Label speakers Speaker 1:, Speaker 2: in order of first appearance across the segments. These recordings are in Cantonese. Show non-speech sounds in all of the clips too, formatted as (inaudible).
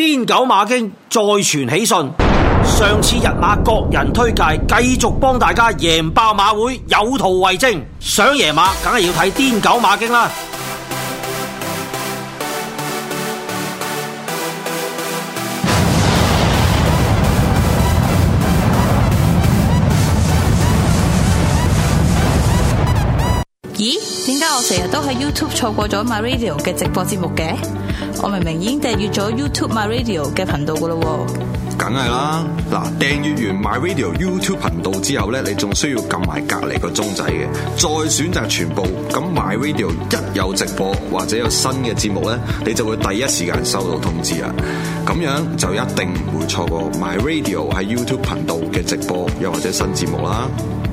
Speaker 1: 癲狗馬經再傳喜訊，上次日馬各人推介繼續幫大家贏爆馬會，有圖為證。想贏馬，梗係要睇癲狗馬經啦。咦？點解我成日都喺 YouTube 錯過咗 My Radio 嘅直播節目嘅？我明明已經訂閱咗 YouTube My Radio 嘅頻道噶咯，
Speaker 2: 梗係啦。嗱，訂閱完 My Radio YouTube 頻道之後咧，你仲需要撳埋隔籬個鐘仔嘅，再選擇全部。咁 My Radio 一有直播或者有新嘅節目咧，你就會第一時間收到通知啦。咁樣就一定唔會錯過 My Radio 喺 YouTube 頻道嘅直播又或者新節目啦。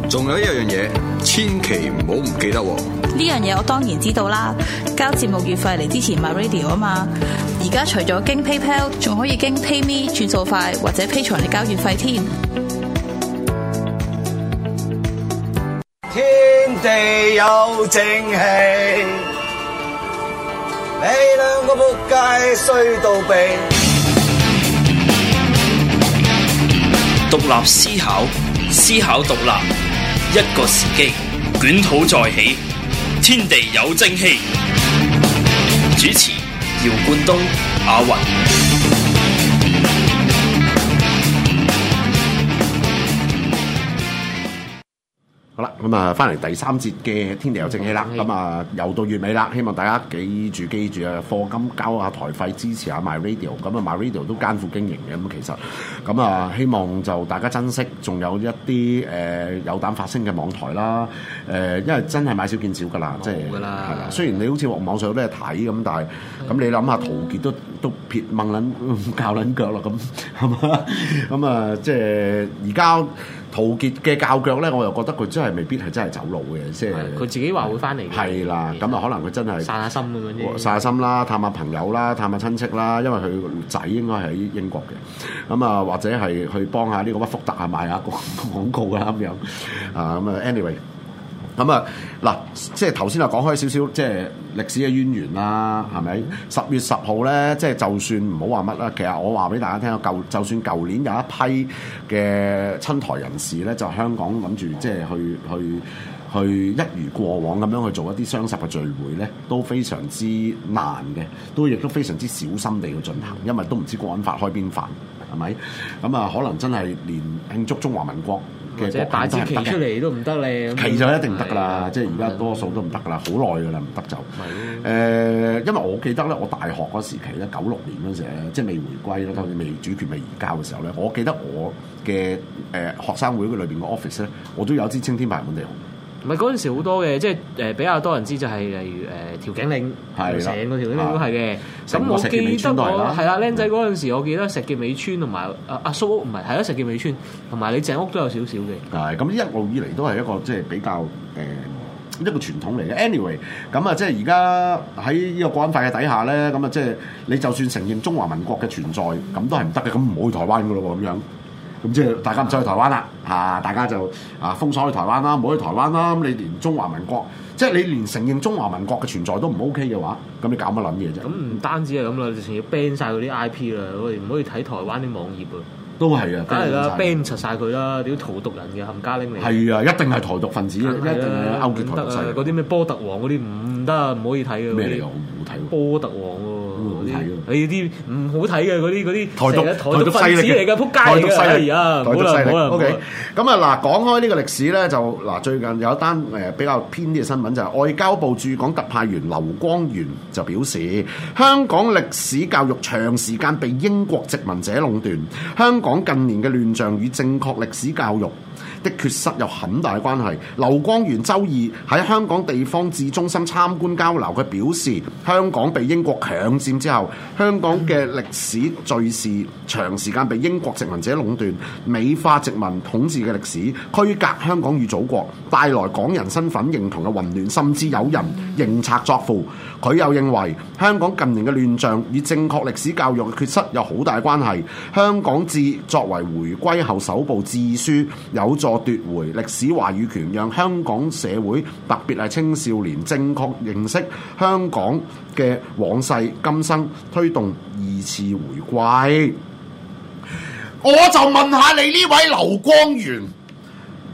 Speaker 2: 仲有一樣嘢，千祈唔好唔記得。
Speaker 1: 呢樣嘢我當然知道啦，交節目月費嚟支持 MyRadio 啊嘛。而家除咗經 PayPal，仲可以經 PayMe 轉數快或者 Patreon 嚟交月費添。
Speaker 2: 天地有正氣，你兩個仆街衰到痹。
Speaker 1: 獨立思考。思考獨立，一個時機，捲土再起，天地有正氣。主持：姚冠東、阿云。
Speaker 2: 好啦，咁啊，翻嚟第三節嘅天地有正氣啦，咁、嗯、啊、嗯，又到月尾啦，希望大家記住記住啊，課金交下台費，支持下 MyRadio，咁啊，MyRadio 都艱苦經營嘅，咁其實，咁啊，希望就大家珍惜，仲有一啲誒、呃、有膽發聲嘅網台啦，誒、呃，因為真係買少見少噶啦，即係，係、就、啦、是，雖然你好似網上有咩睇咁，但係，咁你諗下陶傑都都撇掹撚教撚腳啦，咁，咁啊、 (laughs) 呃，即係而家。陶傑嘅教腳咧，我又覺得佢真係未必係真係走路嘅，即係佢自己話會翻嚟。係啦，咁啊可能佢真係散
Speaker 1: 下心咁樣，散下
Speaker 2: 心啦，探下朋友啦，探下親戚啦，因為佢仔應該係喺英國嘅，咁啊或者係去幫下呢、呢個乜福特下賣下廣告啊咁樣啊，咁 (laughs) 啊 anyway。咁、嗯、啊，嗱，即係頭先啊講開少少，即係歷史嘅淵源啦，係咪？十月十號咧，即係就算唔好話乜啦，其實我話俾大家聽啊，就算舊年有一批嘅親台人士咧，就香港諗住即係去去去，去一如過往咁樣去做一啲雙十嘅聚會咧，都非常之難嘅，都亦都非常之小心地去進行，因為都唔知國安法開邊範，係咪？咁、嗯、啊、嗯，可能真係連慶祝中華民國。即係大
Speaker 1: 支旗出嚟都唔得咧，旗就一定得噶啦。
Speaker 2: 即係而家多數都唔得噶啦，好耐噶啦，唔得就誒、呃。因為我記得咧，我大學嗰時期咧，九六年嗰陣時咧，即係未回歸咧，當你未主權未移交嘅時候咧，我記得我嘅誒學生會嗰裏邊嘅 office 咧，我都有支青天白日滿地紅。
Speaker 1: 唔係嗰陣時好多嘅，即係誒、呃、比較多人知就係例如誒調景嶺、係成個調景嶺都係嘅。咁、嗯、我記得我係啦，僆仔嗰陣時我記得石硤尾村同埋阿阿蘇屋，唔係係啦石硤尾村同埋你鄭屋都有少少嘅。係咁一路以嚟都係一個即係、就是、比較誒、呃、一個傳統嚟嘅。anyway，
Speaker 2: 咁啊即係而家喺呢個國安法嘅底下咧，咁啊即係你就算承認中華民國嘅存在，咁都係唔得嘅。咁唔好去台灣噶咯喎咁樣。咁即係大家唔再去台灣啦，嚇！大家就啊封鎖去台灣啦，唔好去台灣啦。咁你連中華民國，即係你連承認中華民國嘅存在都唔 OK 嘅話，咁你搞乜撚嘢啫？咁
Speaker 1: 唔單止係咁啦，直情要 ban 晒嗰啲 I P 啦，我哋唔可以睇台灣啲網頁啊！
Speaker 2: 都係啊，梗係啦，ban
Speaker 1: 柒曬佢啦！屌台獨人嘅冚家拎嚟，係啊，
Speaker 2: 一定係台獨分子，啊，一定勾結台獨。嗰
Speaker 1: 啲咩波特王嗰啲唔得，啊，唔可以睇嘅。咩理由？我冇睇過波特王。嗰啲，你啲唔好睇嘅嗰啲嗰啲，台獨台獨勢力嘅撲街，台獨勢力啊，台獨勢力。O K，咁啊
Speaker 2: 嗱，講開呢個歷史咧，就嗱最近有一單誒比較偏啲嘅新聞，就係外交部駐港特派員劉光源就表示，香港歷史教育長時間被英國殖民者壟斷，香港近年嘅亂象與正確歷史教育缺失有很大關係。劉光元周二喺香港地方志中心參觀交流，佢表示：香港被英國強佔之後，香港嘅歷史敘事長時間被英國殖民者壟斷、美化殖民統治嘅歷史，區隔香港與祖國，帶來港人身份認同嘅混亂，甚至有人認賊作父。佢又認為香港近年嘅亂象與正確歷史教育嘅缺失有好大關係。香港志作為回歸後首部志書，有助。奪回歷史話語權，讓香港社會，特別係青少年正確認識香港嘅往世今生，推動二次回歸。我就問下你呢位劉光源，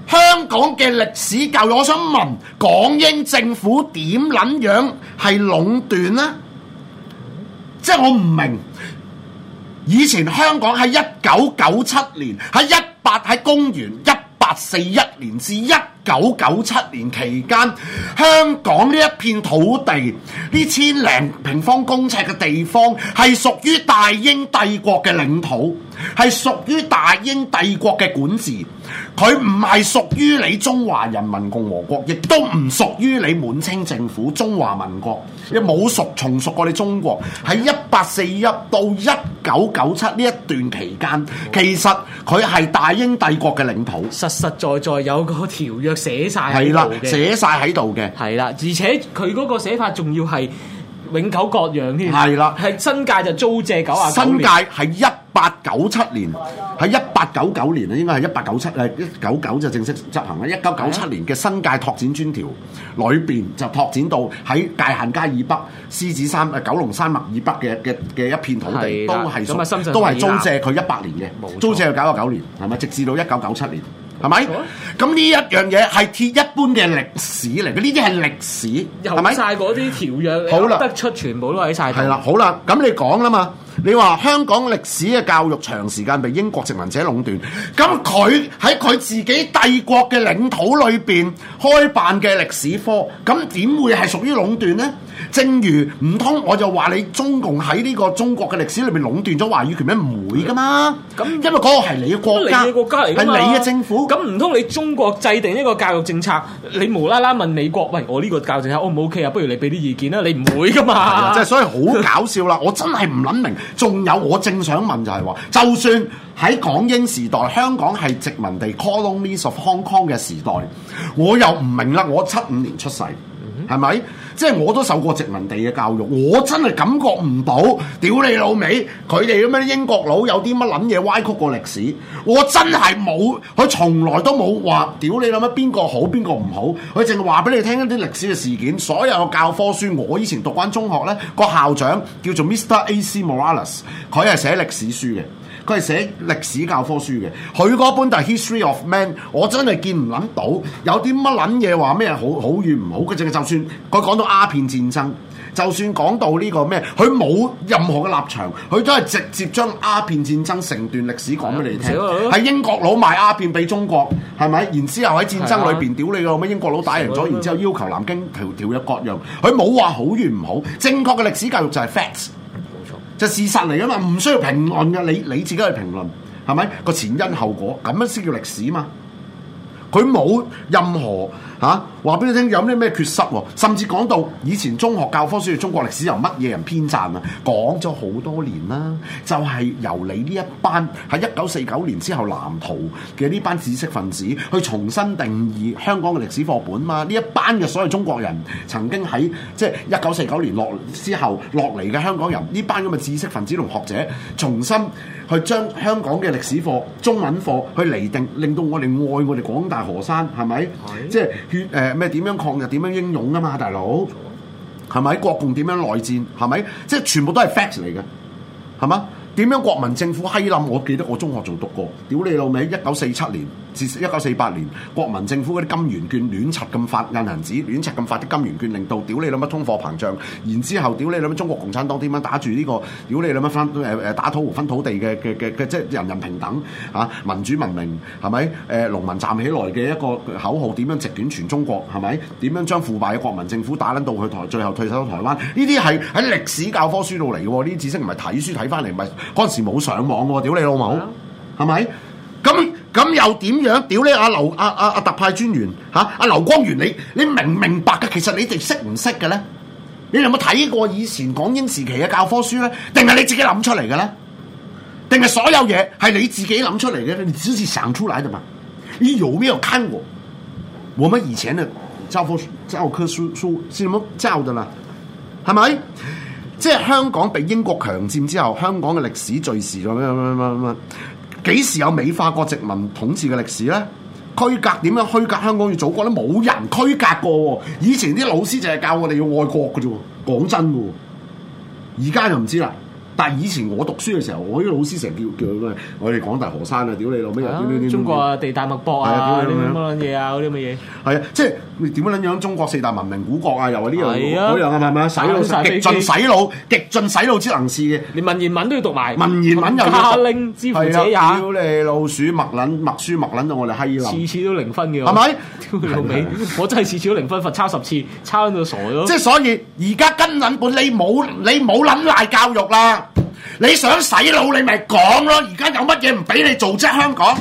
Speaker 2: 香港嘅歷史教育，我想問港英政府點捻樣係壟斷呢？即係我唔明，以前香港喺一九九七年，喺一八，喺公元一。八四一年至一九九七年期間，香港呢一片土地，呢千零平方公尺嘅地方，係屬於大英帝國嘅領土，係屬於大英帝國嘅管治。佢唔係屬於你中華人民共和國，亦都唔屬於你滿清政府、中華民國，亦冇屬從屬過你中國。喺一八四一到一九九七呢一段期間，其實佢係大英帝國嘅領土，實實
Speaker 1: 在在有個條約寫曬喺度嘅，寫曬喺度嘅。係啦，而且佢嗰個寫法仲要係永久割讓添。係啦，係新界就租借九啊九年。新界
Speaker 2: 係一八九七年喺一八九九年咧，應該係一八九七，係一九九就正式執行啦。一九九七年嘅新界拓展專條裏邊就拓展到喺界限街以北、獅子山、誒九龍山脈以北嘅嘅嘅一片土地，都係都係租借佢一百年嘅，租借佢九啊九年，係咪？直至到一九九七年，係咪？咁呢一樣嘢係鐵一般嘅歷史嚟，嘅呢啲係歷史，係咪晒嗰啲條約得出，全部都喺晒度。係啦，好啦，咁你講啦嘛。你話香港歷史嘅教育長時間被英國殖民者壟斷，咁佢喺佢自己帝國嘅領土裏面開辦嘅歷史科，咁點會係屬於壟斷呢？正如唔通我就話你中共喺呢個中國嘅歷史裏面壟斷咗
Speaker 1: 華語權咩？唔會噶嘛？咁、嗯、因為嗰個係你嘅國家，係你國家嚟係、啊、你嘅政府。咁唔通你中國制定一個教育政策，你無啦啦問美國喂，我呢個教育政策 O 唔 O K 啊？不如你俾啲意見啦。你唔會噶嘛？即係、啊、所以好搞笑啦！ (laughs) 我真係唔諗明。仲有我
Speaker 2: 正想問就係話，就算喺港英時代，香港係殖民地 （colonies of Hong Kong） 嘅時代，我又唔明啦。我七五年出世，Mm-hmm. 係咪？即係我都受過殖民地嘅教育，我真係感覺唔到，屌你老味，佢哋咁樣英國佬有啲乜撚嘢歪曲過歷史，我真係冇，佢從來都冇話屌你諗乜，邊個好邊個唔好，佢淨係話俾你聽一啲歷史嘅事件。所有嘅教科書，我以前讀完中學呢、呢個校長叫做 Mr A C Morales，佢係寫歷史書嘅。佢係寫歷史教科書嘅，佢嗰本就係 History of Man。我真係見唔諗到有啲乜撚嘢話咩好好與唔好。佢淨係就算佢講到鴉片戰爭，就算講到呢個咩，佢冇任何嘅立場，佢都係直接將鴉片戰爭成段歷史講俾你聽。喺、啊啊、英國佬賣鴉片俾中國，係咪？然之後喺戰爭裏邊、啊、屌你個咩？英國佬打贏咗、啊，然之後要求南京條條約割讓，佢冇話好與唔好。正確嘅歷史教育就係 facts。就事實嚟㗎嘛，唔需要評論㗎，你你自己去評論，係咪個前因後果咁樣先叫歷史嘛？佢冇任何嚇話俾你聽有啲咩缺失喎，甚至講到以前中學教科書嘅中國歷史由乜嘢人編撰啊？講咗好多年啦、啊，就係、是、由你呢一班喺一九四九年之後南逃嘅呢班知識分子去重新定義香港嘅歷史課本嘛、啊！呢一班嘅所謂中國人曾經喺即係一九四九年落之後落嚟嘅香港人，呢班咁嘅知識分子同學者重新。去將香港嘅歷史課、中文課去釐定，令到我哋愛我哋廣大河山，係咪？即係誒咩點樣抗日、點樣英勇啊嘛，大佬，係咪國共點樣內戰？係咪？即係全部都係 facts 嚟嘅，係嘛？點樣國民政府欺冧？ (music) 我記得我中學仲讀過，屌 (music) 你老味！一九四七年。自一九四八年，國民政府嗰啲金圓券亂闢咁發印銀紙，亂闢咁發啲金圓券，令到屌你諗乜通貨膨脹。然之後，屌你諗乜中國共產黨點樣打住呢個？屌你諗乜分誒誒打土豪分土地嘅嘅嘅即係人人平等嚇民主文明係咪？誒農民站起來嘅一個口號點樣席捲全中國係咪？點樣將腐敗嘅國民政府打撚到去台，最後退守台灣？呢啲係喺歷史教科書度嚟嘅喎，呢啲知識唔係睇書睇翻嚟，唔係嗰陣時冇上網喎，屌你老母，係咪？咁咁又點樣？屌咧！阿劉阿阿阿特派專員嚇，阿、啊啊、劉光源，你你明唔明白嘅，其實你哋識唔識嘅咧？你有冇睇過以前港英時期嘅教科書咧？定係你自己諗出嚟嘅咧？定係所有嘢係你自己諗出嚟嘅？你只似成粗嚟啫嘛？你有咩有睇過？我乜？以前的教科教科書科書，科書係乜教㗎啦？係咪？即係香港被英國強佔之後，香港嘅歷史最時咗乜乜乜乜乜。幾時有美化過殖民統治嘅歷史呢？區隔點樣區隔香港與祖國呢？冇人區隔過喎。以前啲老師淨係教我哋要愛國㗎啫喎。講真喎，而家就唔知啦。但係以前我讀書嘅時候，我啲老師成日叫叫佢咩？我哋講大河山啊！屌你老味，啲啲啲，中國
Speaker 1: 啊，地大物博啊，啲咁
Speaker 2: 嘢啊，嗰啲乜嘢？係啊，即係點樣撚樣？中國四大文明古國啊，又話呢樣嘢，嗰樣係咪洗腦極盡洗腦，極盡洗腦之能事嘅。連文言文都要讀埋，文言文又要抄。拎知唔知啊？屌你老鼠，默撚默書默撚到我哋閪佬，次次都零分嘅，係咪？屌你老味，我真係次次都零分，罰抄十次，抄到傻咗。即係所以而家跟撚本你冇你冇撚賴教育啦。你想洗腦你咪講咯，而家有乜嘢唔俾你做啫？香港，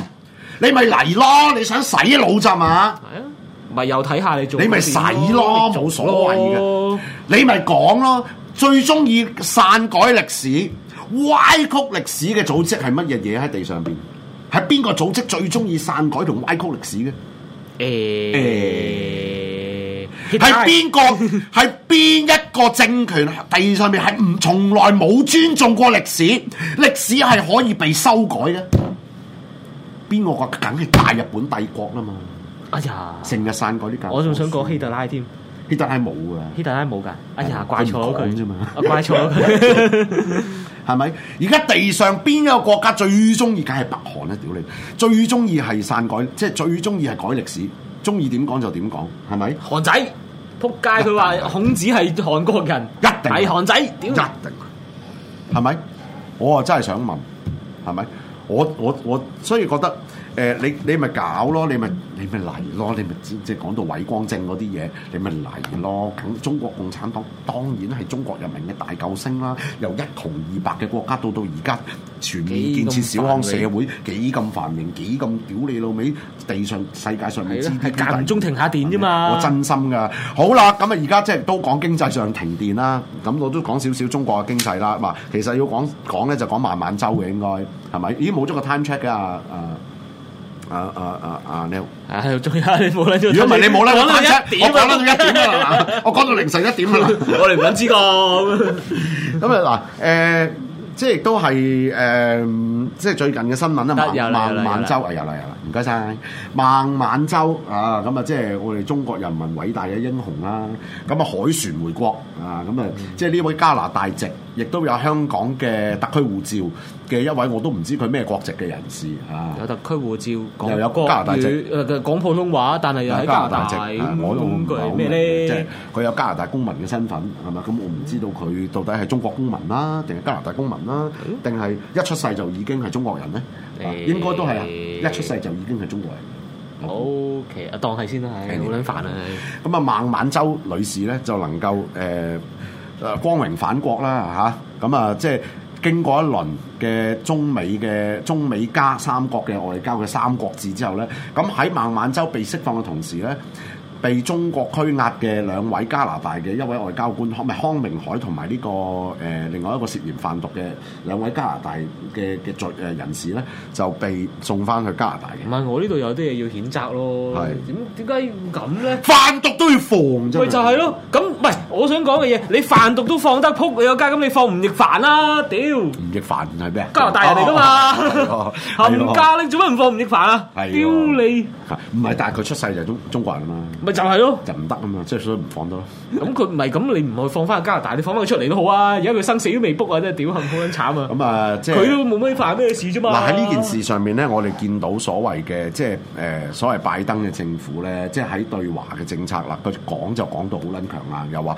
Speaker 2: 你咪嚟咯！你想洗腦咋嘛？係
Speaker 1: 啊，咪又睇下你做，你咪洗
Speaker 2: 咯，冇所謂嘅。你咪講咯，最中意篡改歷史、歪曲歷史嘅組織係乜嘢嘢喺地上邊？係邊個組織最中意篡改同歪曲歷史嘅？誒、欸。欸係邊個？係邊一個政權？地上面係唔從來冇尊重過歷史，歷史係可以被修改嘅。邊個個梗係大日本帝國啊
Speaker 1: 嘛？哎呀，成日散改啲教，我仲想講希特拉添。希特拉冇啊，希特拉冇㗎。哎呀，怪錯咗佢啫嘛，怪錯咗佢。係、啊、咪？而家 (laughs) 地
Speaker 2: 上邊一個國家最中意？梗係北韓啦，屌你！最中意係散改，即係最中意係改歷史。中意點講就點講，係咪？韓仔，撲街！佢話孔子係
Speaker 1: 韓國人，一定，係韓仔，點？一
Speaker 2: 定係咪？我啊真係想問，係咪？我我我，所以覺得。呃、你你咪搞咯，你咪你咪嚟咯，你咪即講到偉光正嗰啲嘢，你咪嚟咯。咁中國共產黨當然係中國人民嘅大救星啦。由一窮二白嘅國家到到而家全面建設小康社會，幾咁繁榮，幾咁屌你老味，地上世界上係間
Speaker 1: 中停下電啫嘛。我真
Speaker 2: 心噶。好啦，咁啊而家即係都講經濟上停電啦。咁我都講少少中國嘅經濟啦。嗱，其實要講講咧就講孟晚舟嘅應該係咪？已經冇咗個 time check 噶。啊啊啊啊！Neil，啊，仲、啊、有你冇啦？如果唔係你冇啦，我講一點，我講到一點啦、啊，我講到凌晨一點啦， (laughs) 我哋唔想知個咁啊嗱，誒、 (laughs) 嗯嗯，即係亦都係誒，即係最近嘅新聞啊嘛。孟孟孟晚舟啊，又啦又啦，唔該晒孟晚舟，啊，咁啊，即係我哋中國人民偉大嘅英雄啦，咁啊，凱旋回國啊，咁啊，即係呢位加拿大籍。亦都有香港嘅特區護照嘅一位，我都唔知佢咩國籍嘅人士啊！有特區護照，又有加拿大
Speaker 1: 籍，誒、呃、講普通話，但係又喺加拿大籍，嗯、我都唔講即係佢有加拿大公民嘅身
Speaker 2: 份，係咪？咁我唔知道佢到底係中國公民啦，定係加拿大公民啦，定、嗯、係一出世就已經係中國人咧、
Speaker 1: 欸啊？應該都係、啊欸、一出
Speaker 2: 世就已經係中國
Speaker 1: 人。嗯、OK，當係先啦，係好撚煩啊！
Speaker 2: 咁啊，孟晚舟女士咧，就能夠誒。呃誒光榮反國啦嚇，咁啊，啊，啊即係經過一輪嘅中美嘅中美加三國嘅外交嘅三國志之後咧，咁、啊、喺孟晚舟被釋放嘅同時咧，被中國拘押嘅兩位加拿大嘅一位外交官康咪康明凱同埋呢個誒、呃、另外一個涉嫌販毒嘅兩位加拿大嘅嘅罪誒人士咧，就被送翻去加拿大嘅。唔係我呢度有啲嘢要譴責咯，
Speaker 1: 係點點解要咁咧？販毒都要防啫嘛，不就係咯，咁唔我想講嘅嘢，你販毒都放得僕你個街，咁你放吳亦凡啦屌！吳亦凡係咩？加拿大人嚟噶嘛？
Speaker 2: 冚家，
Speaker 1: 你做乜唔放吳亦凡啊？屌、啊哦 (laughs) 你，啊、你！唔係，但係佢
Speaker 2: 出世就係中中國人啊嘛。咪就係咯，就唔得啊嘛，即係所以唔放得。
Speaker 1: 咁佢唔係咁，你唔去放翻去加拿大，你放翻佢出嚟都好啊。而家佢生死都未卜啊，真係屌，幸好咁慘啊！咁、嗯、啊，即係佢都冇咩犯咩事啫嘛、啊。嗱喺呢件事
Speaker 2: 上面咧，我哋見到所謂嘅即係誒、呃、所謂拜登嘅政府咧，即係喺對華嘅政策啦，佢講就講到好撚強硬，又話。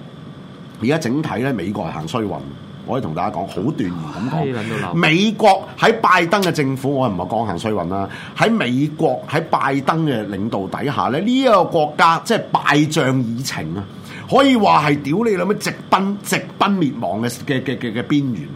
Speaker 2: 而家整體咧，美國係行衰運，我可以同大家講好斷言咁講。到美國喺拜登嘅政府，我唔係講行衰運啦。喺美國喺拜登嘅領導底下咧，呢、這、一個國家即係敗象已呈啊，可以話係屌你諗乜，直奔直奔滅亡嘅嘅嘅嘅嘅邊緣，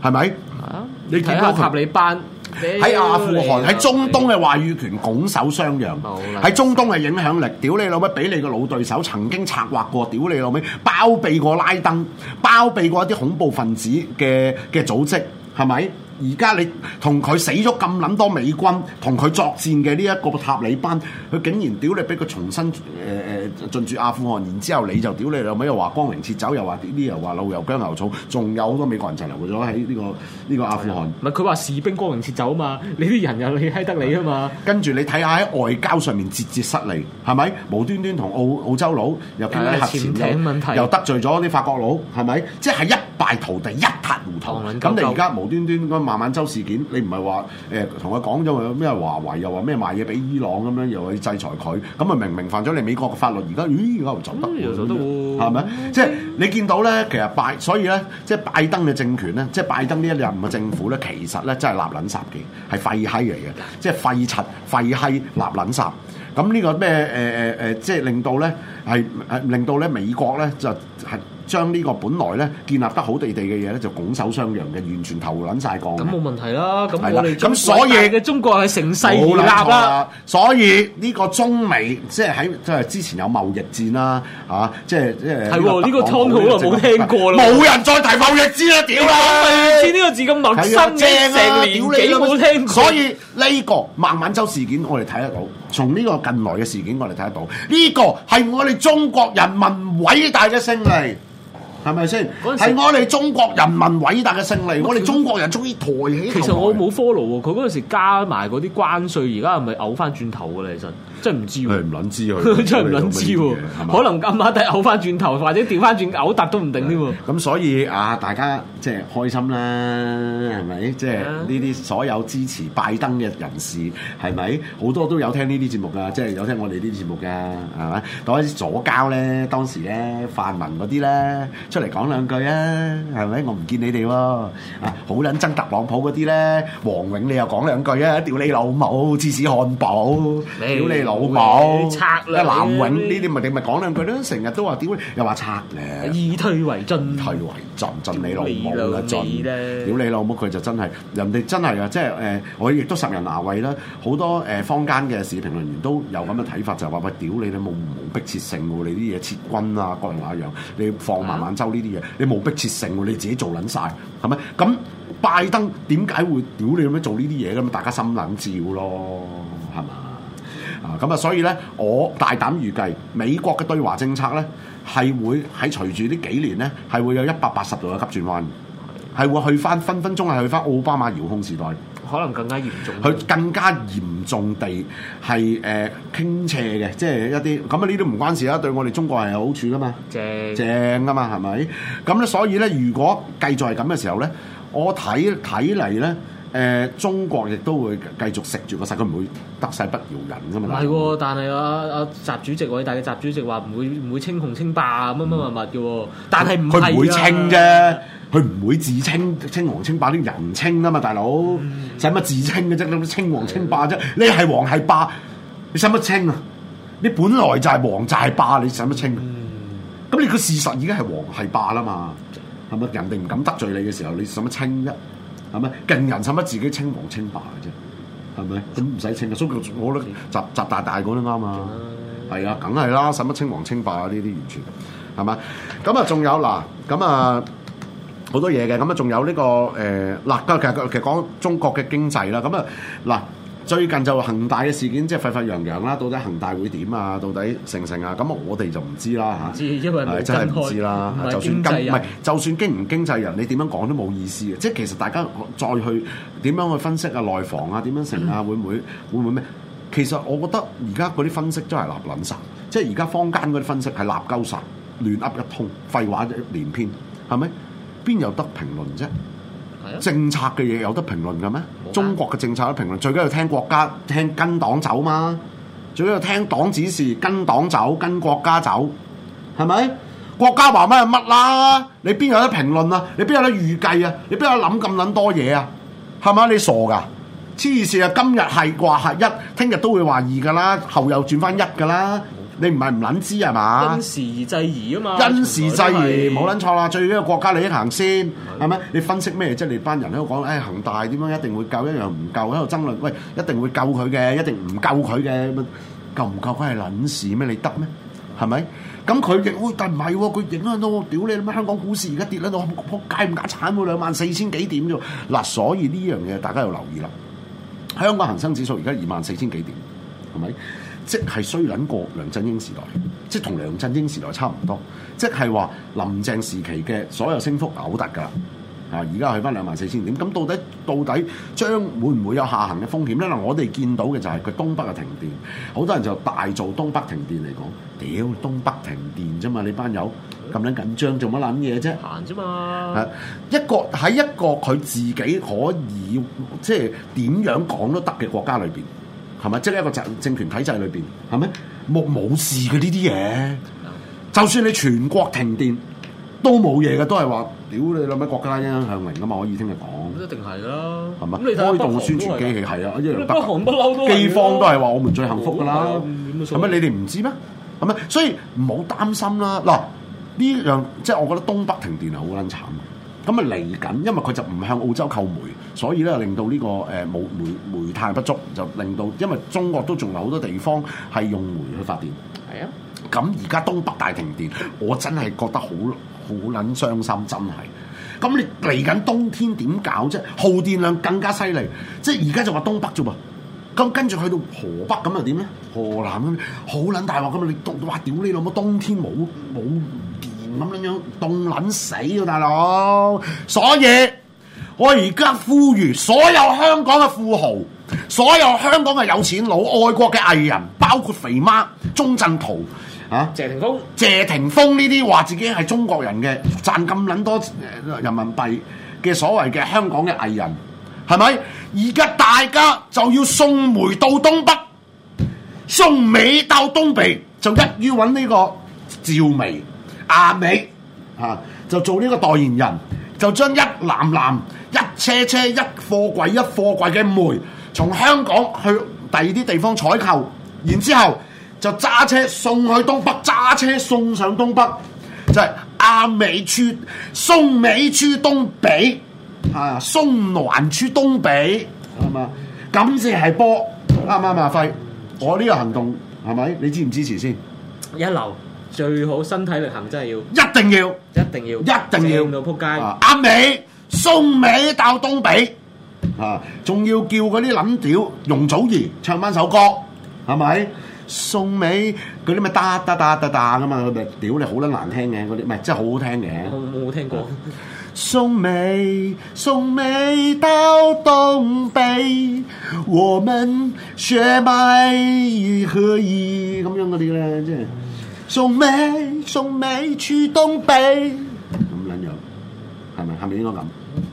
Speaker 2: 係咪、
Speaker 1: 啊？你睇下塔利班。喺阿富汗、喺中東嘅
Speaker 2: 話語權拱手相讓，喺中東嘅影響力，屌你老味，俾你個老對手曾經策劃過，屌你老味，包庇過拉登，包庇過一啲恐怖分子嘅嘅組織，係咪？而家你同佢死咗咁撚多美軍，同佢作戰嘅呢一個塔利班，佢竟然屌你，俾佢重新誒誒、呃、進駐阿富汗，然之後你就屌你老味，又話光榮撤走，又話呢又人話老油姜牛草。仲有好多美國人就留咗喺呢個呢、呢個、阿富汗。佢話士兵光榮撤走啊嘛，你啲人又你閪得你啊嘛。跟住你睇下喺外交上面節節失利，係咪？無端端同澳澳洲佬又偏離核潛艇問題又得罪咗啲法國佬，係咪？即係一。拜徒地一塌糊塗，咁、嗯、你而家無端端嗰個孟晚舟事件，你唔係話誒同佢講咗咩？呃、華為又話咩賣嘢俾伊朗咁樣，又去制裁佢，咁啊明明犯咗你美國嘅法律，而家咦而家又走得喎，係、嗯、咪、嗯？即係你見到咧，其實拜所以咧，即係拜登嘅政權咧，即係拜登呢一任嘅政府咧，其實咧真係立撚殺嘅，係廢閪嚟嘅，即係廢柒廢閪立撚殺。咁呢、嗯、個咩誒誒誒，即係令到咧係係令到咧美國咧就係。將呢個本來咧建立得好地地嘅嘢咧，就拱手相讓嘅，完全投撚晒降。咁冇
Speaker 1: 問題啦。咁我哋咁所以
Speaker 2: 嘅中國係成世而立啦。所以呢個中美即係喺即係之前有貿易戰啦、啊，嚇、啊，即係即係。係呢、呢個㗋好耐冇聽過啦，冇人再提貿易戰啦，屌啦！知呢個字
Speaker 1: 咁陌生，成年幾冇、啊呢
Speaker 2: 個、聽。所以呢個孟晚舟事件，我哋睇得到。從呢個近來嘅事件，我哋睇得到，呢、呢個係我哋中國人民偉大嘅勝利。係咪先？係我哋中國人民
Speaker 1: 偉大嘅勝利，我哋中國人終於抬起頭。其實我冇 follow 喎，佢嗰陣時加埋嗰啲關稅，而家係咪嘔翻轉頭噶咧？其實。真唔知喎，唔撚知喎，真唔撚知喎、啊啊啊，可能今晚睇拗翻轉頭，或者調翻轉拗答都唔定添喎。咁所以啊，大家即係、就是、
Speaker 2: 開心啦，係咪？即係呢啲所有支持拜登嘅人士係咪？好多都有聽呢啲節目噶，即、就、係、是、有聽我哋呢啲節目噶，係咪？當開始左膠咧，當時咧泛民嗰啲咧出嚟講兩句啊，係咪？我唔見你哋喎啊！好撚憎特朗普嗰啲咧，黃永你又講兩句啊，屌你老母，芝士漢堡，屌、嗯、你冇冇拆啦，難揾啲，咪你咪講兩句啦。成日都話點？又話拆咧。以退為進，以退為進，進你老母啦！進，屌你老母！佢就真係人哋真係啊！即係誒、呃，我亦都拾人牙慧啦。好多誒，坊間嘅時事評論員都有咁嘅睇法，就係、是、話，喂，屌你！你冇冇逼切性喎？你啲嘢撤軍啊，各樣各樣，你放孟晩舟呢啲嘢，你冇逼切性喎！你自己做撚晒，係咪？咁拜登點解會屌你咁樣做呢啲嘢嘅？咁大家心冷照咯，係嘛？啊，咁啊，所以咧，我大膽預計美國嘅對華政策咧，係會喺隨住呢幾年咧，係會有一百八十度嘅急轉彎，係會去翻分分鐘係去翻奧巴馬遙控時代，
Speaker 1: 可能更加嚴重。佢
Speaker 2: 更加嚴重地係誒、呃、傾斜嘅，即一些這係一啲咁啊，呢啲唔關事啊，對我哋中國係有好處噶嘛，正正啊嘛，係咪？咁、啊、咧，所以咧，如果繼續係咁嘅時候咧，我睇睇嚟咧。誒，中國亦都會繼續食住個勢，佢唔會得勢不饒人噶嘛。唔係，
Speaker 1: 但係阿、阿習主席，偉大嘅習主席話唔會唔會稱王稱霸咁乜乜物嘅喎。但係唔，佢唔會稱啫，
Speaker 2: 佢唔會自稱稱王稱霸，啲人稱啊嘛，大佬。使、嗯、乜自稱嘅啫？你稱王稱霸啫？你係王係霸，你使乜稱？啊？你本來就係王就係、是、霸，你使乜稱、啊？咁、嗯、你個事實已經係王係霸啦嘛，係咪？人哋唔敢得罪你嘅時候，你使乜稱、啊？啫？係咪勁人使乜自己稱王稱霸嘅啫？係咪？都唔使稱嘅、啊，中國我覺得習習大大嗰啲啱啊，係啊，梗係啦，使乜稱王稱霸啊？呢啲完全係嘛？咁啊，仲有嗱，咁啊好多嘢嘅，咁啊，仲有呢、呢個誒嗱，其、呃、實其實講中國嘅經濟啦，咁啊嗱。最近就恒大嘅事件，即係沸沸揚揚啦。到底恒大會點啊？到底成唔成啊？咁我哋就唔知啦吓，因為真係唔知啦。就算唔係，就算經唔經濟人，你點樣講都冇意思嘅。即係其實大家再去點樣去分析房啊，內房啊，點樣成啊？會唔會，嗯、會唔會咩？其實我覺得而家嗰啲分析都係立卵晒，即係而家坊間嗰啲分析係立鳩晒，亂噏一通，廢話一連篇，係咪？邊有得評論啫？政策嘅嘢有得評論嘅咩？中國嘅政策有得評論，最緊要是聽國家聽跟黨走嘛，最緊要聽黨指示跟黨走，跟國家走，係咪？國家話乜就乜啦，你邊有得評論啊？你邊有得預計啊？你邊有諗咁捻多嘢啊？係咪、啊？你傻噶？黐線啊！今日係話係一，聽日都會話二噶啦，後又轉翻一噶啦。你唔係唔捻知啊嘛？因
Speaker 1: 時而制宜啊嘛，因時制宜，冇捻錯
Speaker 2: 啦。最緊個國家你先行先，係咪？你分析咩？即係你班人喺度講，誒、哎，恒大點樣一定會救，一樣唔夠喺度爭論。喂，一定會救佢嘅，一定唔救佢嘅，咁夠唔夠佢係捻事咩？你得咩？係咪？咁佢亦，但係唔係喎？佢影響到，我屌你，香港股市而家跌喺度，仆街唔解慘到兩萬四千幾點啫。嗱、啊，所以呢樣嘢大家要留意啦。香港恒生指數而家二萬四千幾點，係咪？即係衰撚過梁振英時代，即係同梁振英時代差唔多。即係話林鄭時期嘅所有升幅啊好突㗎，啊而家去返兩萬四千點。咁到底到底將會唔會有下行嘅風險咧？嗱，我哋見到嘅就係佢東北嘅停電，好多人就大做東北停電嚟講。屌東北停電啫嘛，你班友咁撚緊張做乜撚嘢啫？行啫嘛。
Speaker 1: 一
Speaker 2: 個喺一個佢自己可以即係點樣講都得嘅國家裏面。係咪？即係一個政政權體制裏邊，係咪？冇冇事嘅呢啲嘢，就算你全國停電都冇嘢嘅，都係話屌你兩米國家欣向榮嘅嘛，可以聽你講。
Speaker 1: 一
Speaker 2: 定係啦、啊，係咪？開動宣傳機器係啊，北韓一向都係啊，饑荒都係話我們最幸福嘅啦。
Speaker 1: 咁樣你
Speaker 2: 哋唔知咩？係咪？所以唔好擔心啦。嗱，呢樣即係我覺得東北停電係好撚慘嘅。咁啊嚟緊，因為佢就唔向澳洲購煤。所以咧，令到呢個誒煤煤煤炭不足，就令到因為中國都仲有好多地方係用煤去發電。係啊，咁而家東北大停電，我真係覺得好好撚傷心，真係。咁你嚟緊冬天點搞啫？耗電量更加犀利，即係而家就話東北啫嘛。咁跟住去到河北咁又點咧？河南咁好撚大話咁啊！你話屌你老母冬天冇冇電咁樣樣，凍撚死咯、啊，大佬。所以。我而家呼籲所有香港嘅富豪，所有香港嘅有錢佬、愛國嘅藝人，包括肥媽、鍾鎮濤、啊謝霆鋒、謝霆鋒呢啲話自己係中國人嘅，賺咁捻多人民幣嘅所謂嘅香港嘅藝人，係咪？而家大家就要送回到東北，送美到東北，就一於揾呢個趙薇、阿、啊、美啊，就做呢個代言人，就將一籃籃。一車車，一貨櫃一貨櫃嘅煤，從香港去第二啲地方採購，然之後就揸車送去東北，揸車送上東北，就係亞美處送美處東北，啊，送南處東北，係嘛？咁先係波，啱唔啱啊輝？我呢個行動係咪？你支唔支持先？一流，最好身體力行真係要，一定要，一定要，一定要，做到撲街，亞美。送尾到東北，啊，仲要叫嗰啲諗屌容祖兒唱翻首歌，係咪？送尾嗰啲咪噠噠噠噠噠噶嘛？佢咪屌你好卵難聽嘅嗰啲，唔係真係好好聽嘅。我冇聽過。嗯、送尾送尾到東北，我們血脈如何意？咁樣嗰啲咧，即係送尾
Speaker 1: 送尾去東北
Speaker 2: 咁、嗯、樣樣，係咪？係咪應該咁？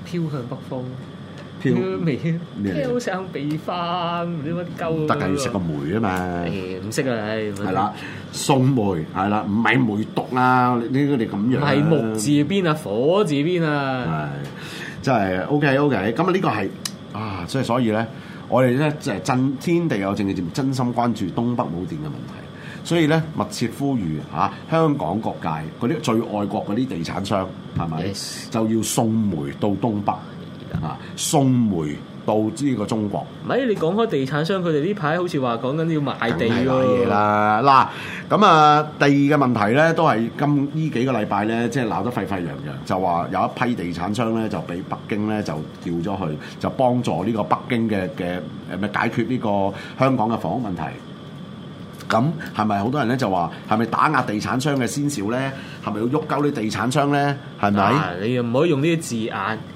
Speaker 1: 飄向北方，
Speaker 2: 飄未？聽好
Speaker 1: 想避翻，你乜鳩？得㗎，要食個
Speaker 2: 梅啊嘛，唔識啊，係啦，送梅係啦，唔係梅毒啊，呢個你咁樣，係木字邊啊，火字邊啊，係，真係，OK OK，咁啊呢個係啊，所以所以咧，我哋咧就震天地友政氣節目，真心關注東北冇電嘅問題。所以咧，密切呼籲嚇、啊、香港各界嗰啲最愛國嗰啲地產商係咪、yes. 就要送煤到東北啊？送煤到呢個中國。
Speaker 1: 唔、啊、你講開地產商，佢哋呢排好似話講緊要賣地㗎嘢啦。嗱咁啊，啊，地嘅問題咧，
Speaker 2: 都係今呢幾個禮拜咧，即係鬧得沸沸揚揚，就話有一批地產商咧，就俾北京咧就調咗去，就幫助呢個北京嘅嘅誒咩解決呢個香港嘅房屋問題。咁係咪好多人咧就話係咪打壓地產商嘅
Speaker 1: 先兆咧？係咪要喐鳩啲地產商咧？係咪、啊？你又唔可以用呢啲字眼。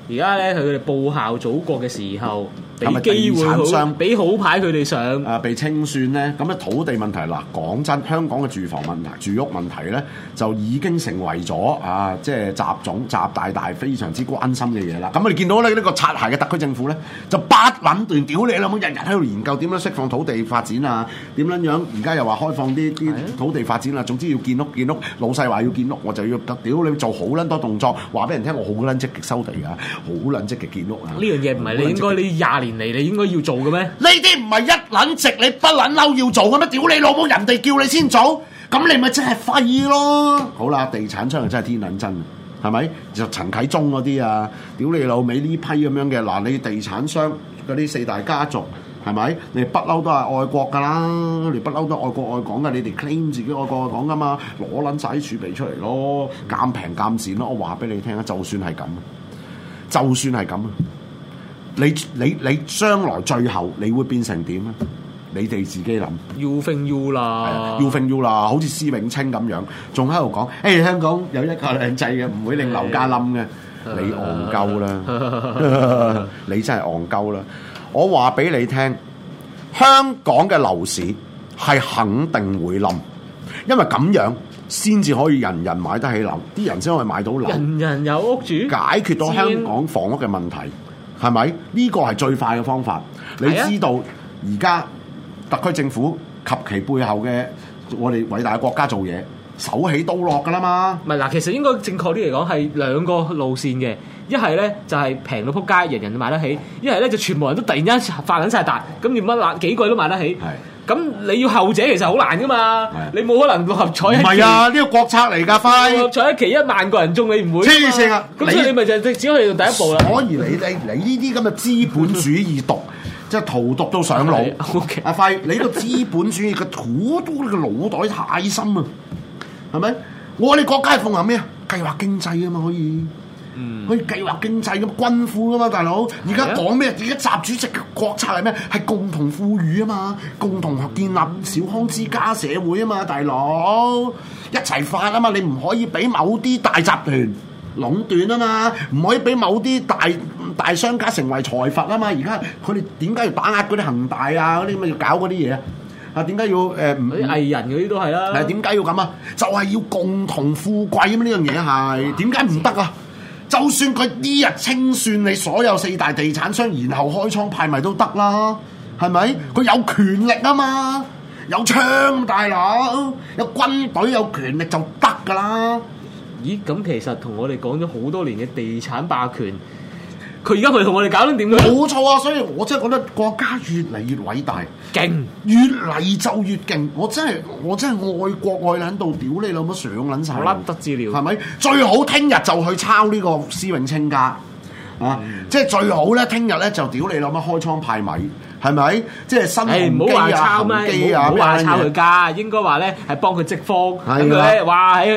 Speaker 1: 而家咧，佢哋報效祖國嘅時候。係咪地產商機會上俾好，好牌佢哋上？
Speaker 2: 啊，被清算咧，咁啊土地問題嗱，講真，香港嘅住房問題、住屋問題咧，就已經成為咗啊，即係習總、習大大非常之關心嘅嘢啦。咁你見到咧呢、呢個擦鞋嘅特區政府咧，就不斷屌你啦，日日喺度研究點樣釋放土地發展啊，點撚樣，樣？而家又話開放啲啲土地發展啊，啊，總之要建屋、建屋。老細話要建屋，我就要得屌你做好撚多動作，話俾人聽我好撚積極收地啊，好
Speaker 1: 撚積極建屋啊。呢樣嘢唔係你應該你廿年。嚟，你應該要做嘅咩？呢啲唔係一撚
Speaker 2: 直你不撚嬲要做嘅咩？屌你老母，人哋叫你先做，咁你咪真係廢咯！好啦，地產商又真係天撚真啊，係咪？就陳啟宗嗰啲啊，屌你老味呢批咁樣嘅嗱，你地產商嗰啲四大家族係咪？你不嬲都係愛國㗎啦，你不嬲都愛國愛港㗎，你哋 claim 自己愛國愛港㗎嘛，攞撚晒啲儲備出嚟咯，減平減錢咯，我話俾你聽啊，就算係咁啊，就算係咁啊！你你你將來最後你會變成點咧？你哋自己諗。
Speaker 1: 要升要啦，要升
Speaker 2: 要啦，好似施永青咁樣，仲喺度講，誒，香港有一國兩制嘅，唔會令樓價冧嘅。你戇鳩啦，你真係戇鳩啦！我話俾你聽，香港嘅樓市係肯定會冧，因為咁樣先至可以人人買得起樓，啲人先可以買到樓，人人
Speaker 1: 有屋住，解
Speaker 2: 決到香港房屋嘅問題。係咪？呢個係最快嘅方法。你知道而家
Speaker 1: 特區政府及其背後嘅我哋偉大嘅國家做嘢，手起刀落㗎啦嘛。唔係嗱，其實應該正確啲嚟講係兩個路線嘅。一係咧就係平到撲街，人人都買得起；一係咧就全部人都突然間發緊晒達，咁而乜幾貴都買得起。係。咁你要後者其實好難噶嘛，啊、你冇可能六合彩唔係啊？呢個國策嚟噶，快六合彩一期、啊、一,一,一萬個人中你唔會黐線啊！咁你咪就直接去第一步啦。可以你
Speaker 2: 嚟你呢啲咁嘅資本主義毒， (laughs) 即係荼毒到上腦。阿輝、啊 okay 啊，你呢個資本主義嘅荼毒到你個腦袋太深啊，係咪？我、哦、哋國家係奉行咩啊？計劃經濟啊嘛，可以。嗯，好似計劃經濟咁均富啊嘛，大佬。而家講咩？而家、啊、習主席嘅國策係咩？係共同富裕啊嘛，共同建立小康之家社會啊嘛，大佬。一齊發啊嘛，你唔可以俾某啲大集團壟斷啊嘛，唔可以俾某啲大大商家成為財閥啊嘛。而家佢哋點解要打壓嗰啲恒大啊，嗰啲咁咪要搞嗰啲嘢啊？啊，點解要誒唔係啲藝人嗰啲都係啦？係點解要咁啊？就係、是、要共同富貴啊，呢樣嘢係點解唔得啊？就算佢呢日清算你所有四大地產商，然後開倉派賣都得啦，係咪？佢有權
Speaker 1: 力啊嘛，有槍大佬，有軍隊有權力就得㗎喇。咦，咁其實同我哋講咗好多年嘅地產霸權。佢而家咪同我哋搞緊點樣？冇錯啊！所以我真係覺得國家越嚟越偉大，勁
Speaker 2: 越嚟就越勁。我真係我真係愛國愛到屌你老母上撚手甩得治療，係咪？最好聽日就去抄呢個施永青家，嗯、啊！即、就、係、是、最好咧，聽日咧就屌你老母開倉派米，係咪？即係心唔好話抄咩，唔好話抄佢家、
Speaker 1: 啊、應該話咧係幫佢積福。係啊！哇！哎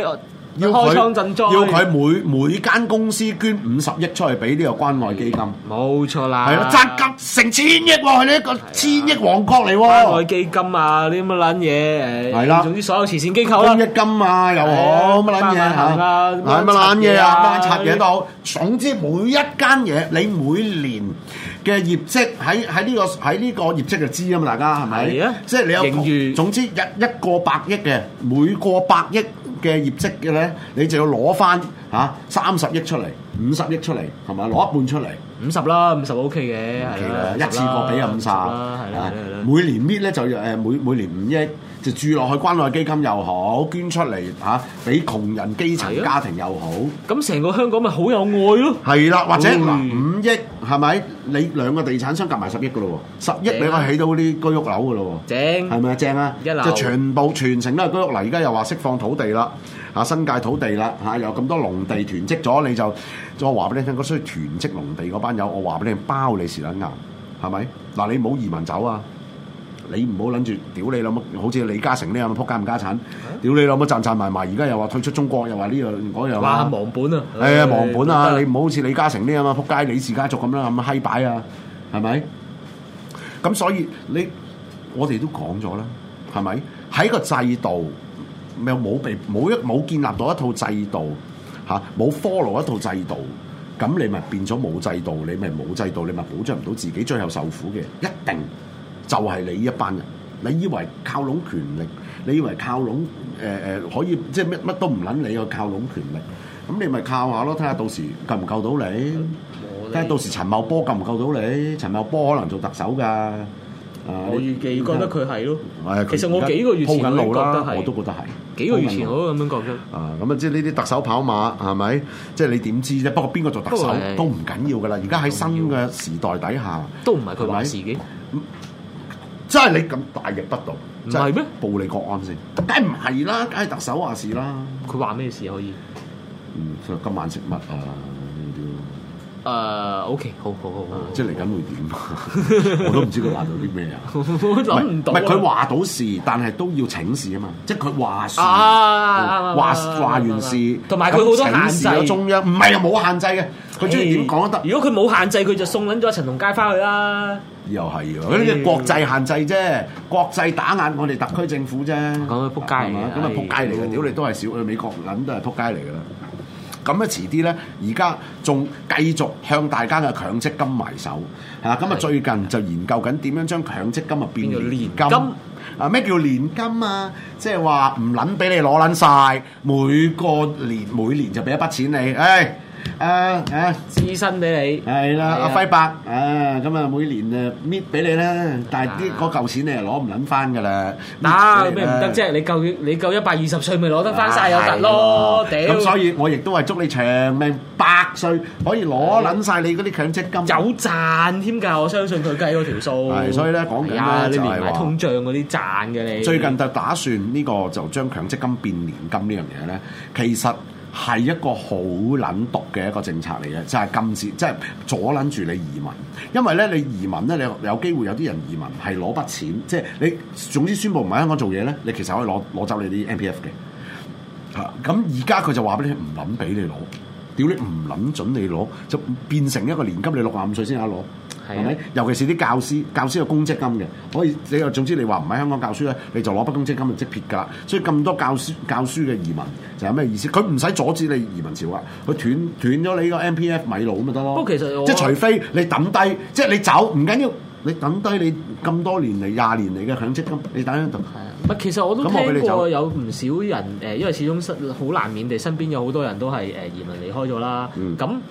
Speaker 2: 要佢要佢每每間公司捐五十億出去俾呢個關
Speaker 1: 愛基金，冇錯啦。係咯，集急成千億喎，呢一個千億王國嚟喎。關愛基金啊，呢啲乜撚嘢？係啦，總之所有慈善機構啦、啊，公益金啊又好，
Speaker 2: 乜撚嘢啊？乜撚嘢啊？乜撚嘢都好，總之每一間嘢，你每年。嘅業績喺喺呢個喺呢個業績就知啊嘛，大家係咪、啊？即係你有總之一一個百億嘅每個百億嘅業績嘅咧，你就要攞翻嚇三十億出嚟，五十億出嚟，係咪？攞一半
Speaker 1: 出嚟，五十啦，五十 OK 嘅，係啦、啊啊，一次過俾啊五十，每年搣
Speaker 2: 咧就誒、呃、每每年五億。住落去關愛基金又好，捐出嚟嚇俾窮人基層家庭又好，咁成、啊、個香港咪好有愛咯？係啦、啊，或者五億係咪、嗯？你兩個地產商夾埋十億噶咯喎，十億你可以起到嗰啲居屋樓噶咯喎，正係咪啊？正啊，是是正啊正一就全部全城都係居屋嚟。而家又話釋放土地啦，嚇新界土地啦，嚇、啊、又咁多農地囤積咗，你就再話俾你聽，需要囤積農地嗰班友，我話俾你聽，包你時冷硬，係咪？嗱，你唔好移民走啊！你唔好諗住屌你老母，好似李嘉誠呢樣啊，仆街唔家產，屌、啊、你老母賺賺埋埋，而家又話退出中國，又話呢樣嗰樣，話忘
Speaker 1: 本啊！係啊，忘本啊！你
Speaker 2: 唔好好似李嘉誠呢樣啊嘛，仆街李氏家族咁啦，咁嗨擺啊，係咪？咁所以你我哋都講咗啦，係咪？喺個制度又冇被冇一冇建立到一套制度，吓、啊、冇 follow 一套制度，咁你咪變咗冇制度，你咪冇制度，你咪保障唔到自己，最後受苦嘅一定。就係、是、你一班人，你以為靠攏權力，你以為靠攏誒誒、呃、可以即係乜乜都唔撚你，去靠攏權力，咁你咪靠下咯，睇下到時夠唔夠到你？
Speaker 1: 睇下到時
Speaker 2: 陳茂波夠唔夠到你？陳茂波可能做特首㗎、嗯，我你預計覺得佢係咯？係啊，其實我，幾個，我幾個月前我都我都覺得係幾個月前我都咁樣覺得。啊，咁、嗯、啊，即係呢啲特首跑馬係咪？即係你點知啫？不過邊個做特首不都唔緊要㗎啦。而家喺新嘅時代底下，不的都唔係佢嘅事件，是真係你咁大逆不道，就係咩？暴力國安先，梗係唔係啦？梗係特首話事啦。佢話咩事可以？嗯，今晚食乜啊？呢啲。誒、uh，OK，好好好，即係嚟緊會點？ (laughs) 我都唔知佢話到啲咩啊！
Speaker 1: 諗唔
Speaker 2: 到。唔係佢話到事，但係都要請示啊嘛。即係佢話事，話、ah, 話、嗯 right、完事，同埋佢好多限制他事、啊、中央。唔係冇限制嘅，佢中意點講都得。如果佢冇限制，佢就送撚咗陳同佳翻去啦。又係喎，佢啲國際限制啫，國際打壓我哋特區政府啫。咁個撲街嘛？咁啊，撲街嚟嘅。屌你都係小，去美國撚都係撲街嚟嘅啦。咁咧遲啲咧，而家仲繼續向大家嘅強積金埋手，嚇咁啊！最近就研究緊點樣將強積金啊變年金，變年金，變年金啊？咩叫年金啊？即係話唔撚俾你攞撚曬，每個年每年就俾一筆錢你，欸啊啊！資身俾你係啦、啊，阿輝伯啊，咁啊每年啊搣俾你啦，但係啲嗰嚿錢你又攞唔撚翻噶啦，嗱咩唔得啫？
Speaker 1: 你夠你夠、啊啊、一百二
Speaker 2: 十歲咪攞得翻晒有得咯，咁、啊啊、所以我亦都係祝你長
Speaker 1: 命百歲，可以攞撚晒你嗰啲強積金，有賺添㗎！我相信佢計嗰條數，所以咧講緊咧就係、是、通脹嗰啲賺嘅你。最近
Speaker 2: 就打算呢個就將強積金變年金呢樣嘢咧，其實。係一個好撚毒嘅一個政策嚟嘅，就係、是、禁止，即、就、係、是、阻撚住你移民。因為咧，你移民咧，你有機會有啲人移民係攞筆錢，即、就、係、是、你總之宣佈唔喺香港做嘢咧，你其實可以攞攞走你啲 MPF 嘅。咁而家佢就話俾你唔諗俾你攞，屌你唔諗準你攞，就變成一個年金，你六十五歲先有得攞。係咪、啊？尤其是啲教師，教師有公積金嘅，可以你又總之你話唔喺香港教書咧，你就攞筆公積金就即撇㗎啦。所以咁多教師教書嘅移民就有咩意思？佢唔使阻止你移民潮啊！佢斷斷咗你呢個 M P F 米路，咁咪得咯。不過其實即係除非你抌低，即係你走，唔緊要。你抌低你咁多年嚟廿年嚟嘅強積金，你
Speaker 1: 等一就啊。唔其實我都聽過有唔少人誒，因為始終身好難免地身邊有好多人都係誒移民離開咗啦。咁、嗯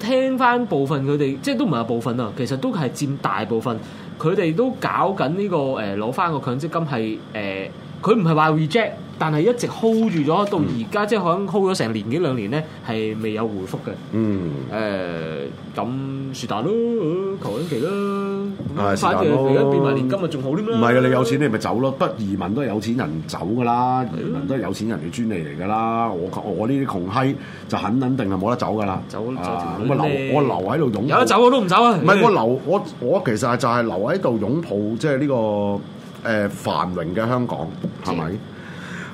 Speaker 1: 聽翻部分佢哋，即係都唔係部分啊，其實都係佔大部分。佢哋都搞緊呢個誒，攞翻個強積金係誒，佢唔係話 reject。但係一直 hold 住咗，到而家即係可能 hold 咗成年幾兩年咧，係未有回復嘅。嗯，誒咁雪達咯，求緊其咯，變埋年金啊，仲好啲咯。唔係啊，
Speaker 2: 你有錢你咪走咯，不咯移民都係有錢人走噶啦，啊，移民都係有錢人嘅專利嚟噶啦。我我呢啲窮閪就肯肯定係冇得走噶啦。走、呃、走咁啊留我留喺度擁抱，有得走
Speaker 1: 我都唔走啊。唔係 (laughs) 我留
Speaker 2: 我我其實就係留喺度擁抱即係呢個誒、呃、繁榮嘅香港係咪？是是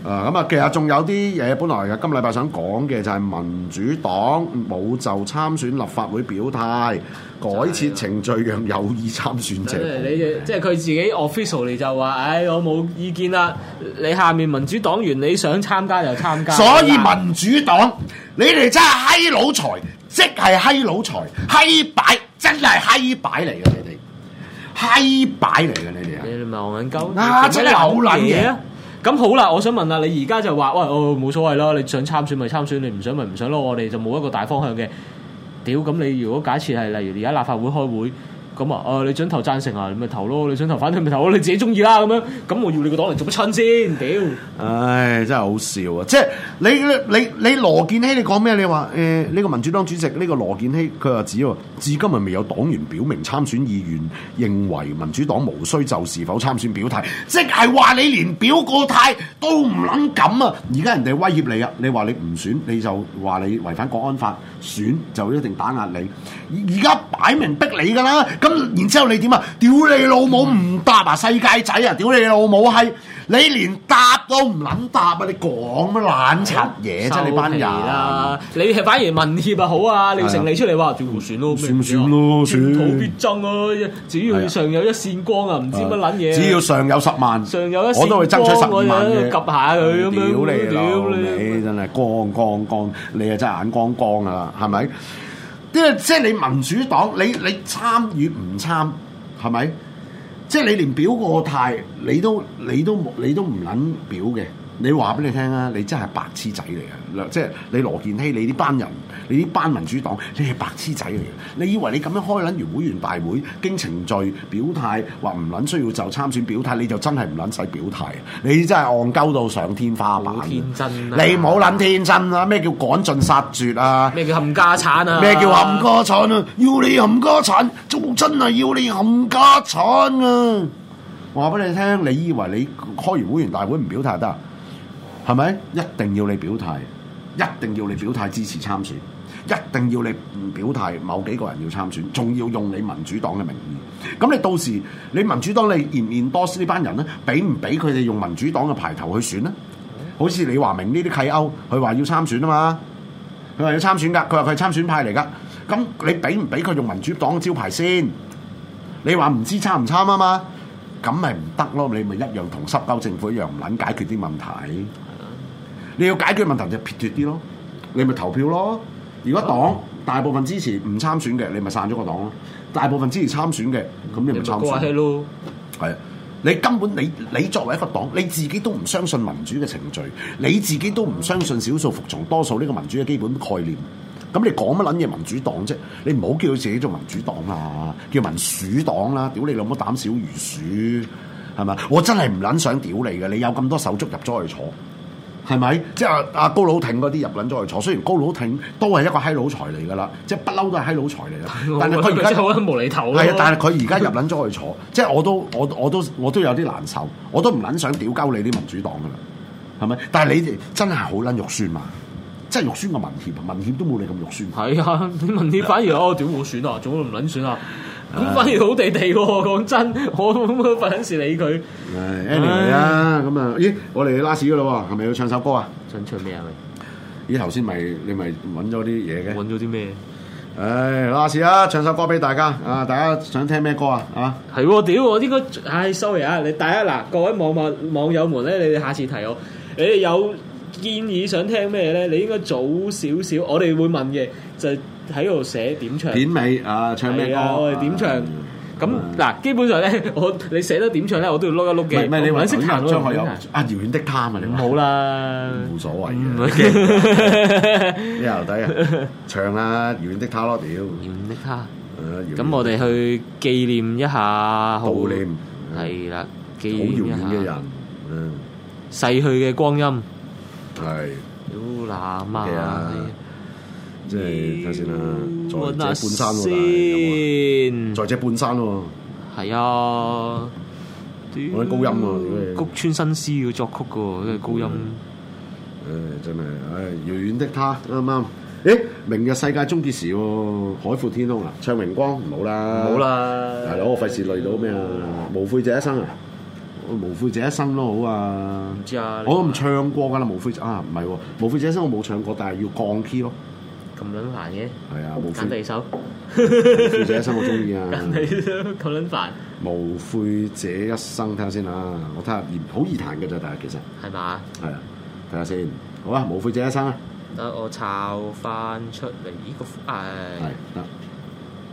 Speaker 2: 啊，咁啊，其實仲有啲嘢本來嘅，今禮拜想講嘅就係民主黨冇就參選立法會表態、就是啊，改設程序讓有意參選者。你,你
Speaker 1: 即係佢自己 official 你就話，唉，我冇意見啦。你下面民主黨員你想參加就參加。所以民主黨、嗯，你哋真係嗨佬財，即係嗨佬財，嗨
Speaker 2: 擺真係嗨擺嚟嘅你哋，
Speaker 1: 嗨擺嚟嘅你哋啊！的你哋咪戇緊鳩，嗱真係好撚嘢啊！咁好啦，我想問下你而家就話，喂，哦，冇所謂啦，你想參選咪參選，你唔想咪唔想咯，我哋就冇一個大方向嘅。屌，咁你如果假設係例如而家立法會開會。咁啊！誒、呃，你想投贊成啊？你咪投咯！你想投反對咪投咯！你自己中意啦咁樣。咁我要你個黨嚟做乜親先？屌！唉，真係好笑啊！即係你你
Speaker 2: 你，你羅建熙你講咩？你話誒呢個民主黨主席呢、呢個羅建熙佢話指，至今係未有黨員表明參選意願，認為民主黨無需就是否參選表態，即係話你連表個態都唔撚咁啊！而家人哋威脅你啊！你話你唔選你就話你違反國安法，選就一定打壓你。而家擺明逼你噶啦！咁然之後你點啊？屌你老母唔答啊！世界仔啊！
Speaker 1: 屌你老母係你連答都唔撚答啊！你講乜撚柒嘢？真係你班人啦！你係反而問協啊好啊？你成你出嚟話算唔算咯，算唔
Speaker 2: 算咯？土必爭
Speaker 1: 咯，只要上有一線光啊，唔知乜撚嘢。只要
Speaker 2: 上有十萬，我都會爭取十萬嘅。夾
Speaker 1: 下佢咁樣屌你，屌你真係
Speaker 2: 光光光，你係真係眼光光噶啦，係咪？即係即係你民主黨，你你參與唔參係咪？即係你連表個態，你都你都你都唔撚表嘅。你話俾你聽啊，你真係白痴仔嚟嘅，即係你羅健熙，你呢班人，你呢班民主黨，你係白痴仔嚟嘅。你以為你咁樣開捻完會員大會，經程序表態，話唔捻需要就參選表態，你就真係唔捻使表態，你真係戇鳩到上天花板，天
Speaker 1: 真，你唔好
Speaker 2: 捻天真啊！咩叫趕盡殺絕啊？咩叫
Speaker 1: 冚家產啊？咩叫冚家
Speaker 2: 產啊？要你冚家產，仲真係要你冚家，家產啊！話俾你聽，你以為你開完會員大會唔表態得？係咪一定要你表態？一定要你表態支持參選？一定要你唔表態？某幾個人要參選，仲要用你民主黨嘅名義？咁你到時你民主黨你嫌嫌多呢班人咧，俾唔俾佢哋用民主黨嘅牌頭去選咧？好似李華明呢啲契歐，佢話要參選啊嘛，佢話要參選噶，佢話佢係參選派嚟噶。咁你俾唔俾佢用民主黨嘅招牌先？你話唔知道參唔參啊嘛？咁咪唔得咯，你咪一樣同濕鳩政府一樣唔撚解決啲問題。你要解決問題就撇脱啲咯，你咪投票咯。如果黨大部分支持唔參選嘅，你咪散咗個黨咯。大部分支持參選嘅，咁你咪參選怪怪怪咯。係咯，係啊！你根本你你作為一個黨，你自己都唔相信民主嘅程序，你自己都唔相信少數服從多數呢個民主嘅基本概念。咁你講乜撚嘢民主黨啫？你唔好叫到自己做民主黨啦，叫民鼠黨啦！屌你老母膽小如鼠，係咪啊？我真係唔撚想屌你嘅，你有咁多手足入咗去坐。係咪？即係阿阿高佬廷嗰啲入撚咗去坐，雖然高佬廷都係一個閪佬財嚟噶啦，即係不嬲都係閪佬財嚟啦。但係佢而家好
Speaker 1: 無厘頭。係啊是，但係佢而家入
Speaker 2: 撚咗去坐， (laughs) 即係我都我我都我都有啲難受，我都唔撚想屌鳩你啲民主黨噶啦，係咪？但係你哋真係好撚肉酸嘛，
Speaker 1: 即係肉酸個民協，民協都冇你咁肉酸。係啊，民協反而我點冇選啊，做乜唔撚選啊？咁、啊、反而好地地喎、哦，講真，我冇本事理佢。
Speaker 2: 係 Any 啊，咁啊，咦，我嚟拉屎噶咯，係咪要唱首歌啊？想唱咩啊？咦，頭先咪你咪揾咗啲嘢嘅？揾咗啲咩？唉，拉屎啊，唱首
Speaker 1: 歌俾大家、嗯、啊！大家想聽咩歌啊？啊，係喎，屌，我應該唉 sorry 啊，你第一嗱，各位網民網友們咧，你哋下次提我，你哋有建議想聽咩咧？你應該早少少，我哋會問嘅就係。喺度寫點唱，片尾啊，唱咩歌？點唱咁嗱？基本上咧，我你寫得點唱咧，我都要 look 一 look 嘅。唔係你揾識唱嘅，我有
Speaker 2: 啊。遙遠的他嘛，你冇啦，冇所謂嘅。啲
Speaker 1: 牛仔啊，唱啊，遙遠的他咯，屌！遙遠的他，咁我哋去紀念一下，悼念係啦，紀念一下好遙遠嘅人，逝去嘅光陰係。屌嗱媽！即係睇先啦，再這半山喎，再係半山喎，係啊，我啲、啊啊、高音啊。谷川新司要作曲噶、啊，因為高音，誒、嗯哎，真係，誒、哎，
Speaker 2: 遙遠的他啱啱，誒、嗯欸，明日世界終結時喎、啊，海闊天空啊，唱榮光唔好啦，唔好啦，大佬我費事累到咩啊？無悔這一生啊，無悔這一生都好啊，唔知啊，
Speaker 1: 我都唔
Speaker 2: 唱過噶啦，無悔這啊，唔係、啊，無悔這一生我冇唱過，但係要降 key 咯、啊。咁撚煩嘅，係啊！無悔一
Speaker 1: 手 (laughs) 悔一生我中意啊！咁你都咁撚煩，
Speaker 2: 無悔這一生，睇下先啊！我睇下好易彈嘅咋，大家其實係嘛？係啊，睇下先，好啊！無悔這一生啊，
Speaker 1: 得我抄翻出嚟呢、這個係，係、哎、得。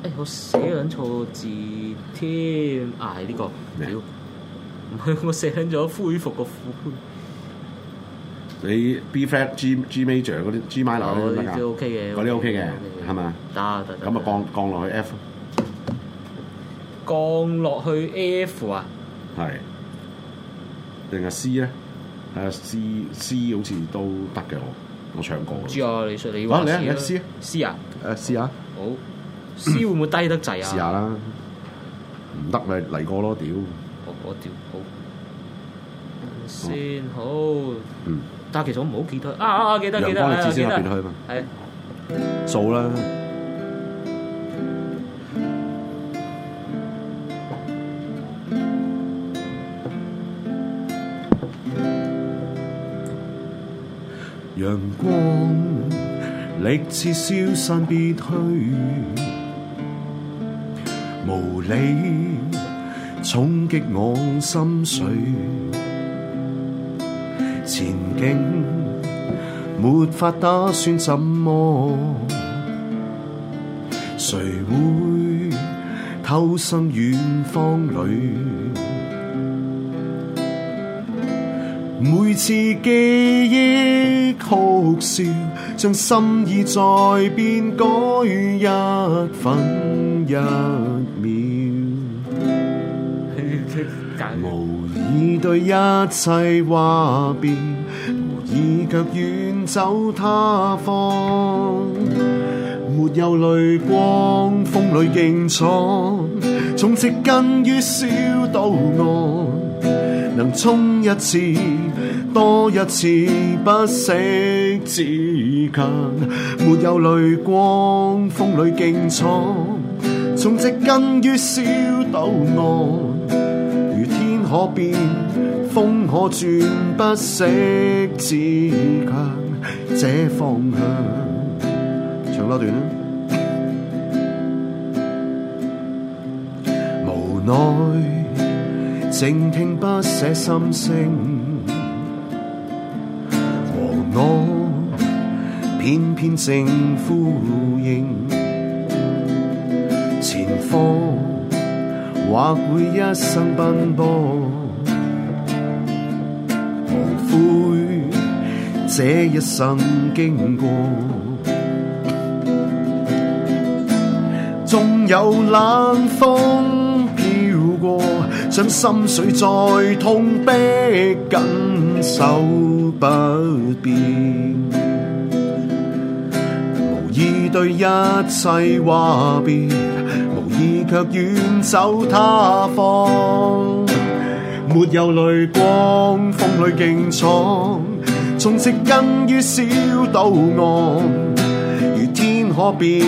Speaker 1: 哎，我寫緊錯字添，挨、啊、呢、這個，屌，唔係、嗯、我寫緊咗恢復個符。
Speaker 2: 你 B flat G G major 嗰啲 G minor 嗰啲 O K 嘅，啲 O K 嘅，係嘛？得，得。咁啊，降降落去 F。
Speaker 1: 降落去 F 啊？
Speaker 2: 係。定係 C 咧？睇、uh, 下 C C 好似都得嘅喎，我唱過。知啊，你你話。啊，嚟啊，嚟 C 啊？C 啊？誒 C，C 啊、uh？好。
Speaker 1: C 會唔會低得滯啊？ (coughs) 試下啦。唔得咪嚟過咯，屌！我我屌好。先好。嗯。但係其實我唔好記得啊！記得記得記得，係，
Speaker 2: 做啦。
Speaker 1: 陽光力竭消散別去，
Speaker 2: 無理衝擊我心水。前景沒法打算怎麼？誰會偷生遠方裏？每次記憶哭笑，將心意再變改一分一秒。無意對一切話別，無意卻遠走他方。沒有淚光，風裏勁闖，從植根於小島岸，能衝一次，多一次，不息自強。沒有淚光，風裏勁闖，從植根於小島岸。可變風可轉，不息自強這方向。長落段啊。無奈靜聽不捨心聲，和我翩翩正呼應，前方。或會一生奔波，無悔這一生經過。縱有冷風飄過，將心碎再痛，逼緊手不變，無意對一切話別。卻遠走他方，沒有淚光，風裏勁闖，重植根於小島岸。如天可變，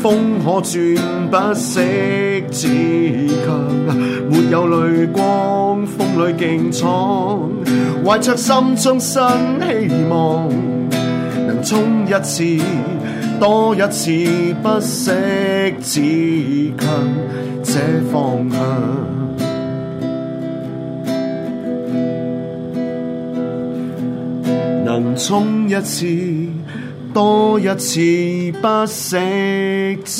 Speaker 2: 風可轉，不息自強。沒有淚光，風裏勁闖，懷着心中新希望，能衝一次。多一次不，不息自強這方向。能衝一次，多一次不，不息自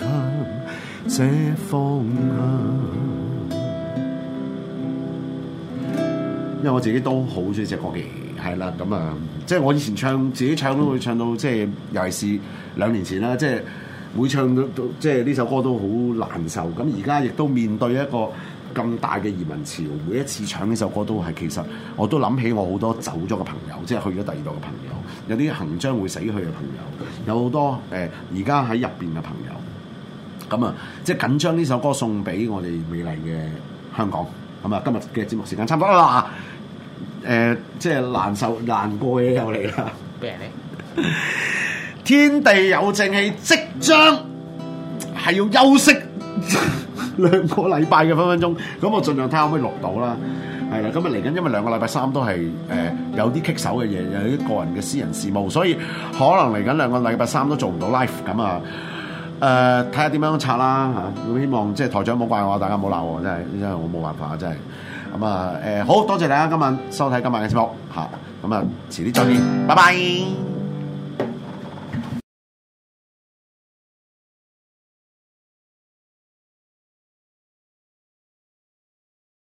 Speaker 2: 強這方向。因為我自己都好鍾意隻歌嘅。係啦，咁啊，即係我以前唱自己唱都會唱到，即係尤其是兩年前啦，即係每唱到，即係呢首歌都好難受。咁而家亦都面對一個咁大嘅移民潮，每一次唱呢首歌都係，其實我都諗起我好多走咗嘅朋友，即係去咗第二度嘅朋友，有啲行將會死去嘅朋友，有好多誒，而家喺入邊嘅朋友。咁啊，即係緊張呢首歌送俾我哋美麗嘅香港。咁啊，今日嘅節目時間差唔多啦。啊誒、呃，即係難受難過嘅嘢又嚟啦！咩嚟？天地有正氣，即將係要休息 (laughs) 兩個禮拜嘅分分鐘，咁我盡量睇下可唔可以錄到啦。係啦，今日嚟緊，因為兩個禮拜三都係誒、呃、有啲棘手嘅嘢，有啲個人嘅私人事務，所以可能嚟緊兩個禮拜三都做唔到 live 咁啊，誒睇下點樣拆啦嚇。咁希望即係台長冇怪我，大家冇鬧我，真係，因為我冇辦法，真係。咁啊，呃，好多謝大家今晚收睇今晚嘅節目嚇，咁啊，遲啲再見，拜拜。拜拜。